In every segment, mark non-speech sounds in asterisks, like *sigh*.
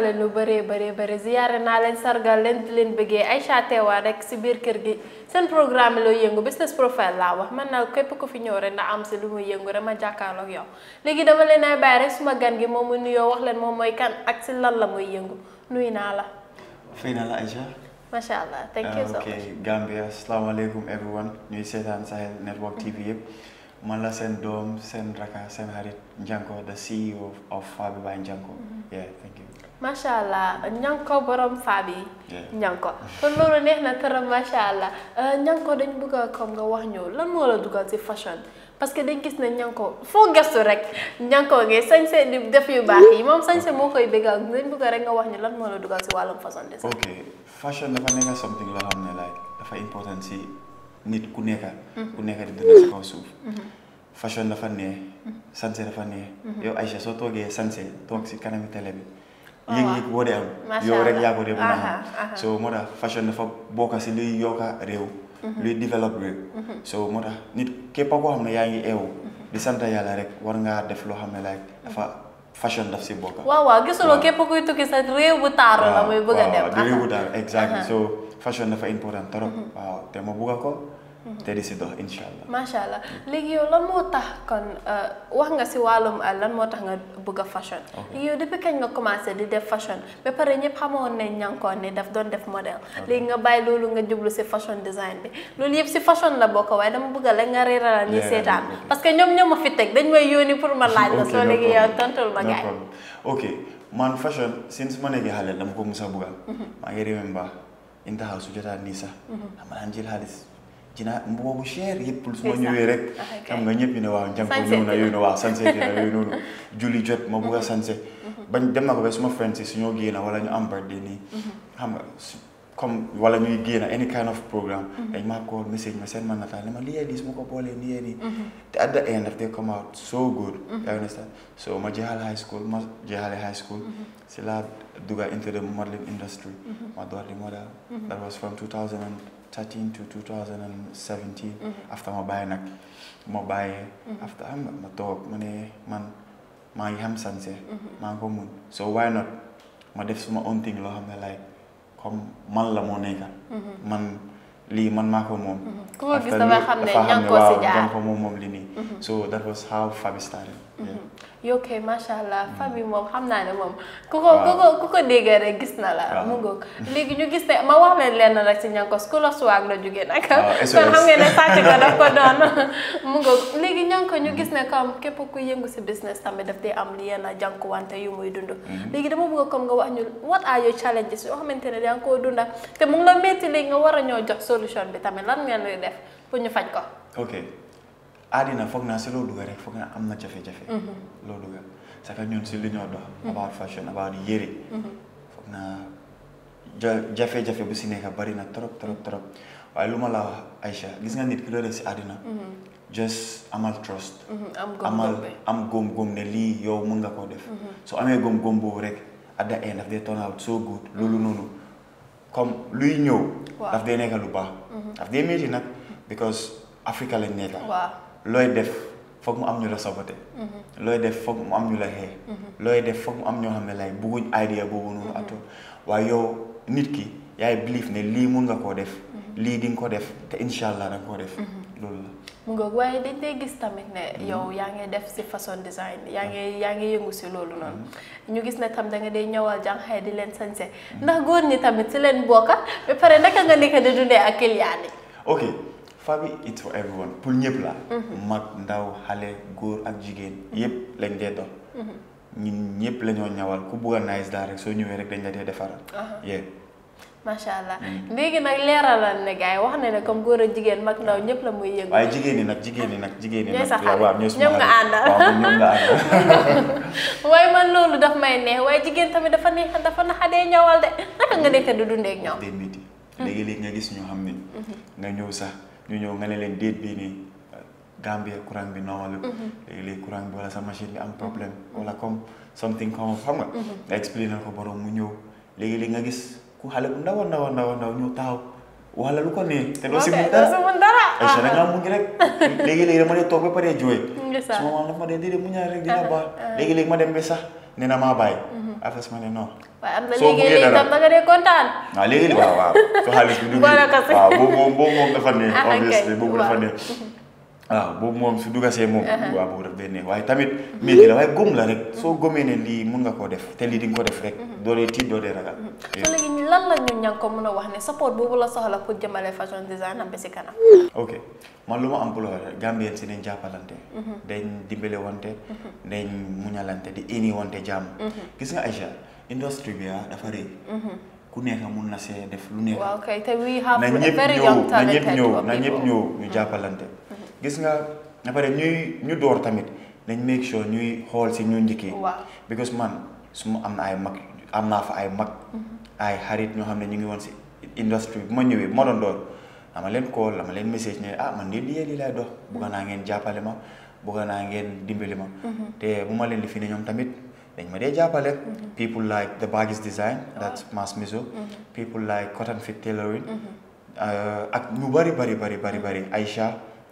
naa lu bëree bëree bëri ziyaare naa leen sargal leen leen bëggee Aïcha teewaa rek si biir kër gi seen programme loo yëngu business profile laa wax man naa képp ku fi ñëw rek na am si lu muy yëngu rek ma jàkkaarloog yow léegi dama leen ay bàyyi rek suma gan gi moom mu nuyoo wax leen moom mooy kan ak si lan la mooy yëngu nuyu naa la. fii naa la Aïcha. macha allah thank you so ah, much ok Gambia asalaamaaleykum everyone ñuy seetaan Sahel network TV yëpp. man la seen doom seen raka seen xarit Njanko the CEO of Fabi by Njanko mm-hmm. yeah macha allah ñanko borom faab yi. ñanko kon loolu neex na trop macha allah euh, ñanko dañ bëgg a comme nga wax ñu lan moo la dugal si fashion parce que dañ gis ne ko foo gëstu rek ñan ko ngay sañse di def yu baax yi moom sañse moo koy bégal dañ bëgg rek nga wax ñu lan moo la dugal si wàllum fashion design. ok fashion dafa xam ne like dafa important ci nit ku nekk. Mm-hmm. ku nekk di dund ci kaw mm-hmm. neex. Mm-hmm. sañse dafa neex. soo toogee sañse toog si kanami télé bi. yig-yig boo dee am yow rek yaa ko dee mën so moo fashion dafa bokk si luy yokka réew mhm. luy développe réew mhm. so moo tax nit képp koo ya e mhm. ya xam ne yaa ngi eewu di sant yàlla rek war ngaa def loo xam like dafa fashion daf si bokk waaw waaw gisuloo képp kuy tukki sa réew bu taaru la muy bëgg dem réew bu taaru exactly so fashion dafa important trop waaw te ma bëgg ko Tadi mhm. situ insya insya allah Masya Allah. Lagi moo tax kon eh, wah nggak sih walum alam eh, mau tax nga bëgg fashion léegi yow depuis kañ nga di def fashion ba pare nih yang kau nih don def model. Lagi nga lulu loolu jublu si fashion design deh. loolu lihat si fashion la bokk mau buka lagi la nga réerala ñi seetaan parce Pas ñoom nyom nyom fi teg dañ may yóoni pour ma laaj la soo man fashion since mana lagi xale dama ko musa bëgga maa mhm. ngi remember intaxaw nisa, mhm. aman nisa, sax dina boobu cher yëpp su ma ñëwee rek xam nga ñëpp ñu ne waaw njàng ñëw na yooyu noonu waaw sanse dina yooyu noonu julli jot ma bugg a sanse bañ dem na ko ba suma friend yi su ñoo wala ñu am birthday nii xam nga comme wala ñuy génn any kind of programme mm-hmm. dañ ma call message ma seen ma nataal ne ma liyee diis mu ko boolee liyee nii te mm-hmm. at the end daf dee come out so good mm-hmm. you understand so ma jeexal high school ma jeexale high school si laa dugga into the modeling industry ma door model that was from 2000 2013 to 2017. Mm-hmm. after ma bàyyi nag ma bàyyi. Mm-hmm. after am ah, ma toog ma ne man maa ngi xam sanse mm-hmm. maa ko mun so why not ma def suma own thing loo xam ne like man la moo nekka man lii man maa ko moom. ku ma gis ne ña nga si jaar after dafa xam ne waaw yow kay macha allah mm. famille moom xam naa ne moom. ku ko ku ko ku ko déggee rek gis na la. mu ngoog *laughs* léegi ñu gis ne ma wax leen lenn rek si ñankos ku la suwaag la jógee nag. *laughs* kon xam ngeen ne sàcc ko daf ko doon *laughs* mu ngoog léegi ñanko ñu mm. gis ne comme képp ku yëngu si business tamit daf dee am yenn jànkuwante yu muy dund. Mm. léegi dama bëgg nga wax ñu what are your challenges yoo xamante ne yaa ngi koo dunda te mun ngi la métti léegi nga war a ñoo jox solution bi tamit lan ngeen luy def pour ñu faj ko. adi na fok na loo duga rek fok na am na jafe-jafe lo dugg parce que ñun si lu ñoo dox mhm. about fashion about yére mhm. foog na jafe-jafe bu si nekk bari na trop trop trop waaye lu la wax gis nga nit ki loolu si àddina mhm. just amal trust amal am gom gom ne li yow mën nga ko def so amé gom gom bo rek at the end daf dee turn out so good lulu nunu. comme luy ñew daf dee nekk lu baax daf métti nak because Afrika lañ nekk looy def foog mu am ñu la saboté mhm. looy def foog mu am ñu la xee mhm. looy def foog mu am ñoo xam ne lay bugguñ idea boobu noonu mhm. atoon waaye yow nit ki yaay believe ne lii mun nga koo def lii di nga ko def te incha allah da koo def loolu la mu ngoog waaye dañ dee gis tamit ne yow yaa ngi def si façon design yaa ngi yaa ngi yëngu si loolu noonu ñu gis ne tam da nga dee ñëwal jànxay di leen sañse ndax góor ñi tamit si leen bokka ba pare naka nga nekk famille it's for everyone pour ñëpp la mhm. mag ndaw xale góor ak jigéen mhm. yëpp lañ dee dox mhm. ñun ñëpp lañoo ñawal ku bugg a nice daal soo ñëwee rek dañ la dee defaral yéen macha allah mm. léegi nag leeralal ne gars yi wax na ne comme góor a jigéen mag ndaw ñëpp la muy yëngu waaye jigéen ñi nag jigéen ñi nag jigéen ñi nag waaw ñoo suma nga àndal *laughs* man loolu daf may neex jigéen tamit dafa neex dafa naxadee ñawal de naka nekk di dundee ak ñoom mm. léegi-léegi nga gis ñoo xam ne nga ñëw sax ñu ñëw nga ne leen déet bii nii Gambia courant bi noomalu mhm. léegi-léegi courant bi mhm. wala sa machine bi am problème wala comme something comme xam nga nga mhm. expliqué ko borom mu ñëw léegi-léegi nga gis ku xale bu ndaw ndaw ndaw ndaw ñëw taxaw wala lu ko ne te doo si mun dara ay sa nga mu ngi rek *laughs* léegi-léegi dama dee toog ba pare jooy su ma maam ma dee rek dina baax léegi ma dem ba sax nee na maa bàyyi. Mhm. affaire ma ne non. soo am na léegi-léegi tam nga dee waaw ah, léegi-léegi waaw waaw. su *laughs* xaalis bi du. boole ko si waaw ah, boobu moom ah bo mom su dugasee mom wa bo daf benn way tamit métti la way gum la rek so mhm. góomee ne lii nga ko def te li di nga ko def rek mhm. do dee tiit do dee ragal mhm. iya. so ñu lan la ñu ñang ko mëna wax ne support bobu la soxla pour jëmale fashion design am ba kanam ok man luma am pour wax gambien ci nañ jàppalante dañ dimbale wante dañ muñalante di ini wante jam, gis nga aisha industry bi ya dafa rëy ku neex mun na see def lu neex wa kay te we have a very young talent na ñepp ñëw na ñepp ñëw ñu jàppalante gis nga na pare ñuy ñu door tamit nañ make sure ñuy xool si ñu njëkk yi. waaw because man su ma am na ay mag am naa fa ay mag. Mhm. ay xarit ñoo xam ne ñu ngi woon si industrie bu ma ñëwee bu ma doon door dama leen call dama leen message ne ah man de lii lii laay dox bëgg naa ngeen jàppale ma bëgg naa ngeen dimbali ma. Mhm. te bu ma leen di fii ne ñoom tamit. dañ ma dee jàppale mhm. people like the Bagis design that's Mass Miso people like Cotton Fit Tailoring uh, ak ñu bari bari bari bari bari Aïcha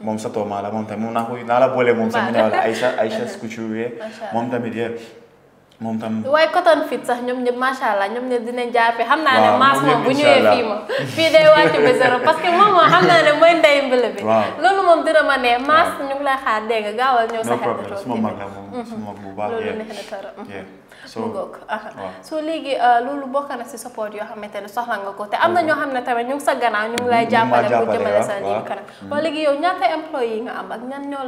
moom sa tooma la moom tamit moom naa ko naa la boole moom sax mu ne wala Aïcha Aïcha *laughs* Skouchoué moom tamit yee moom tam waaye coton fit sax ñoom ñëpp macha allah ñoom ñëpp dinañ jàppe xam naa ne maas moom bu ñëwee fii moom fii day wàcc ba zéro parce que moom moom xam naa ne mooy ndey mbële bi loolu moom dina ma ne sa na nga ko te na mhm. ñoo xam ne tamit ñu ngi sa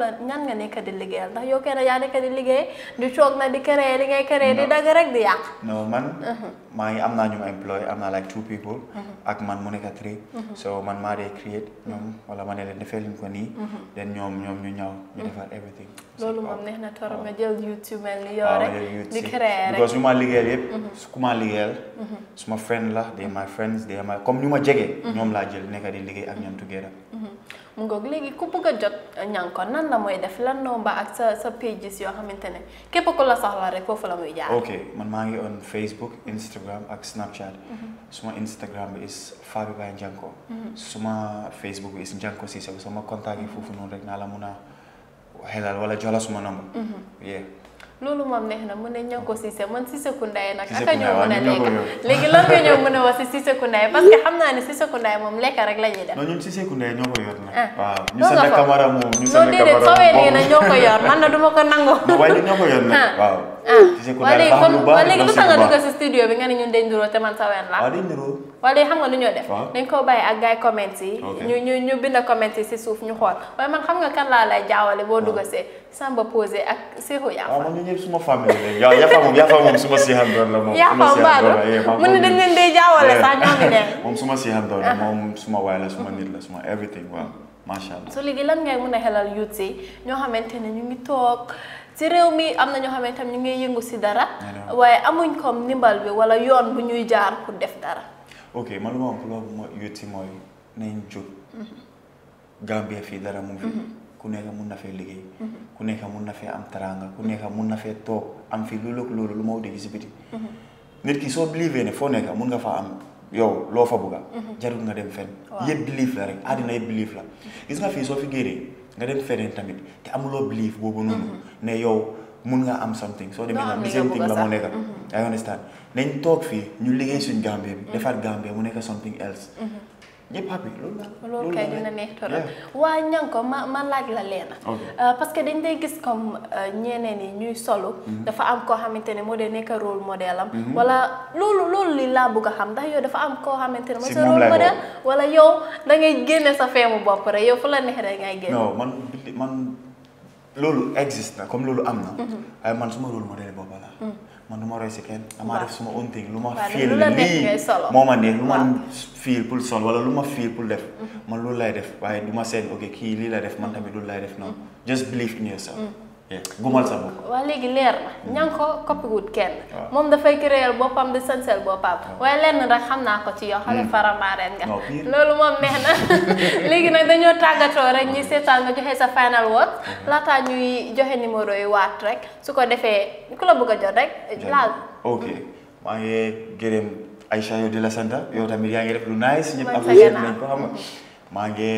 la ñan nga nekk di liggéeyal ndax yow kenn yaa nekk di liggéey di toog na di créer li ngay Ready di dagg rek di yak no man uh-huh. my am na ñu employ am na like two people uh-huh. ak man mu nekk three uh-huh. so man ma dey create ñoom wala man dey defel ñu ko ni then ñom ñom ñu ñaw ñu defal everything lolu mom oh, neex na torop oh. nga jël youtube mel ni ah, rek di créer because ñu ma liggéeyal yëpp su ku ma suma friend la they my friends they my comme ñuma jégué ñom la jël nekk di ligé ak ñom together mu ngoog léegi ku bëgg a jot ñànko nan la mooy def la noo mbaa ak sa sa pages yoo xamante ne képp ku la soxla rek foofu la muy jaar. ok man maa ngi on Facebook Instagram ak Snapchat. Mhm. suma Instagram bi is Fabby by Njanko. Mhm. suma Facebook bi is Njanko Ceesay sama contact yi foofu noonu rek naa la mun a xelal wala jola suma number. Mhm. loolu moom neex na mu ne ñoo ko Cissé man Cissé Koundaye nag aka ñoo mën a lekk léegi lan nga ñoo mën a wax si Cissé Koundaye *laughs* parce que xam naa ne Cissé Koundaye moom lekka rek la ñuy def non ñun Cissé Koundaye ñoo ko yor nag ah. na ñoo ko na ko nangoo *laughs* waaye ñoo ko yor nag ah. waaw Cissé ah. Koundaye léegi lu tax nga dugg si studio bi nga ne ñun dañ niroo te man saween la waaw dañ niroo waaw léegi xam nga lu ñoo def dañ koo bàyyi ak gaay comments yi ñu ñu ñu bind comments yi si suuf ñu xool waaye man xam nga kan laa lay jaawale boo dugg see Samba Posé ak Seexu Yafa. Ah, waaw man ñun ñëpp suma famille lañ yow Yafa moom Yafa moom suma siihandoon la moom. Yafa Mbadou mu ne dañ leen day jaawale sax ñoom ñu *laughs* moom suma siihandoon la ah. moom suma waay la suma nit la suma everything waaw macha allah. so léegi lan ngay mën a xelal yuut si ñoo xamante ne ñu ngi toog. ci réew mi am na ñoo xamante ne ñu ngi yëngu si dara. waaye amuñ comme ndimbal bi wala yoon bu ñuy jaar pour def dara. ok man lu ma am pour loolu mooy yuuti mooy nañ jóg. Mm-hmm. fii dara mu fi. Mm-hmm. ku nekk mun na fee liggéey mm-hmm. ku nekk mun na fee am teraanga ku nekk mun na fee toog am fi loolu ak loolu lu ma wuti si biti mm-hmm. nit ki soo bilivee ne foo nekk mun nga fa am yow loo fa bugga mm-hmm. jarul nga dem fenn yëpp bilif la rek àddina yëpp bilif la gis nga fii soo fi génnee nga dem feneen tamit te amuloo bilif boobu noonu ne yow mun nga am something soo demee nag the same thing la moo nekk I toog fii ñu liggéey suñ Gambie bi defaat Gambie mu nekk something else ñëpp happy loolu la loolu kay dina neex torop waa ñanko ma ma laaj la leena parce que dañ day gis comme ñeneen yi ñuy solu mm-hmm. dafa am koo xamante ne moo de nekk rôle modèle am mm-hmm. wala loolu loolu li laa bëgg a xam ndax yow dafa am koo xamante ne mooy sa rôle modèle wala yow da ngay génne sa feemu bopp rek yow fu la neex rek ngay génne loolu existe na comme loolu am na. Mhm. waaye man suma rôle dee boobu la. Mhm. man du ma roy si kenn. damaa def suma own thing lu ma. fiil nii moo ma neex lu ma fiil pour sol wala lu ma fiil pour def. Mhm. man loolu lay def waaye du ma seen ok kii lii lay def man tamit loolu lay def noonu. just believe in yourself. Eh, gumal sa bopp waaw léegi leer na mm. ña ko coppiwut kenn moom dafay créer boppam di sanseel boppam waaye lenn rek xam naa ko ci yow xale mm. faramaren nga loolu moom neex na *laughs* léegi nag dañoo tàggatoo rek ñi seetaan nga joxe sa final word mm-hmm. laataa ñuy joxe numéro yi waat rek su ko defee ku la bëgg a jot rek laal ok mm. maa ngi gërëm Aïcha yow di la sant yow tamit yaa ngi def lu nice ñëpp apprécié nañ ko xam nga mm-hmm. maa ngi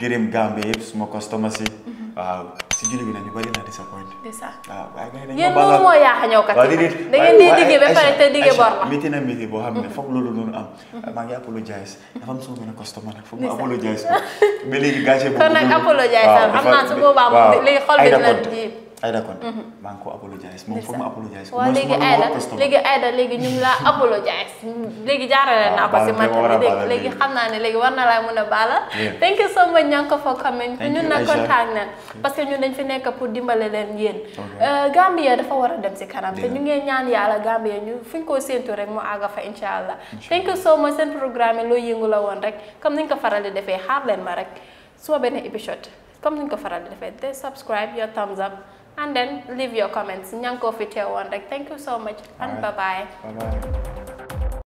gërëm Gambie yëpp suma customers yi. Mm-hmm. waaw si julli bi nag bari na disappoint. c'est ça waaw yéen loolu moo yaax a ñëw kat. waaw déedéet da ngeen te digg boo xam ne mm-hmm. foog loolu noonu am. Mm-hmm. maa ngi apologize dafa am suma benn customer nag foog ma apologize ko. mais léegi gàcce *laughs* boobu kon nag apologize am naa su boobaa léegi xol bi dina ji. Aïda Konté mhm. maa ngi ko apologise moom foog ma apologise waaw léegi Aïda léegi Aïda léegi ñu ngi laa apologise léegi jaarale naa ko si man léegi xam naa ne léegi war na laa mën a baala thank you so much ña ngi ko foog xam ne ñun nag kontaan nañ parce que ñun dañ fi nekk pour dimbale leen yéen euh, Gambia dafa war a dem si kanam te ñu ngee ñaan yàlla Gambia ñu fi ñu ko séentu rek mu àgga fa insha allah thank you so much seen programme yi loo yëngu woon rek comme niñ ko faral di defee xaar leen ma rek suma benn épisode comme niñ ko faral di defee te subscribe your thumbs up and then leave your comments ña nga ko fi teewoon rek thank you so much and bye bye.